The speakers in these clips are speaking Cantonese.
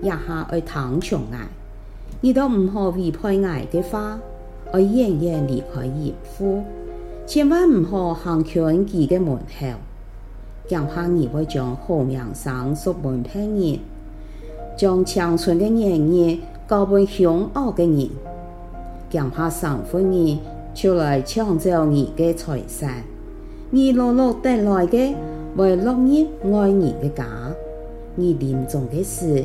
日下去坦誠挨，你都唔可背叛挨嘅話，去遠遠離開岳父，千萬唔好行權忌嘅門口，驚怕你會將好名聲送門平人，將青春嘅年月交俾凶惡嘅人，驚怕上戶人就嚟搶走你嘅財產，你落落得來嘅為碌人愛你嘅家，你臨終嘅事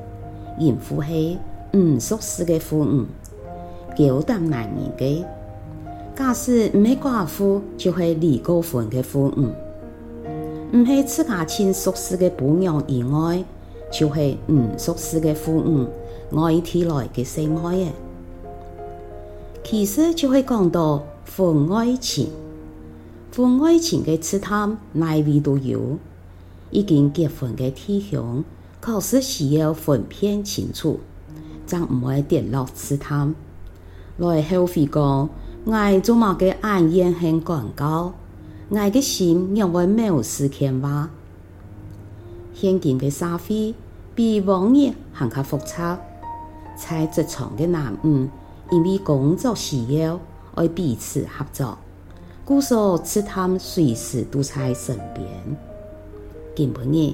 孕婦是唔、嗯、熟識的父母，高等男人嘅；假使唔係寡婦，就係離過婚的父母。唔係自家親熟識的伴侶以外，就係唔、嗯、熟識的父母，外地來嘅細妹嘅。其實就係講到婚外情，婚外情的試探，哪裡都有。已經結婚的天象。確實需要分辨清楚，才唔會跌落池塘。來，Healthy 我做某嘅安言行廣告，我嘅心也遠沒有時間花。現今嘅社會比往日還較複雜，才職場嘅男人因為工作需要而彼此合作，不少池塘隨時都在身邊。金朋友。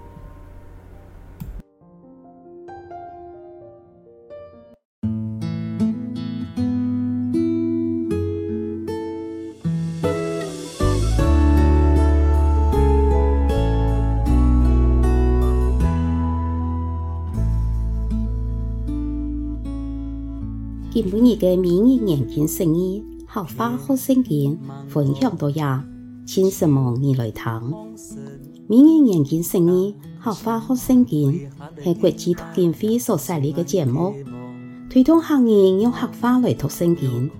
每日嘅《每研客語學聖經客話好聲音分享到呀，請什麼你來聽。每研客語學聖經客話好聲音係國際讀經會所設立嘅節目，推動客家用客話來讀聖經，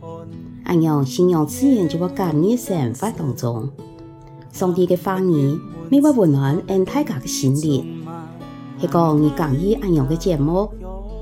按用信仰資源就會今你生活當中。上帝嘅話語每晚溫暖俺大家嘅心靈，係個你講意按用嘅節目。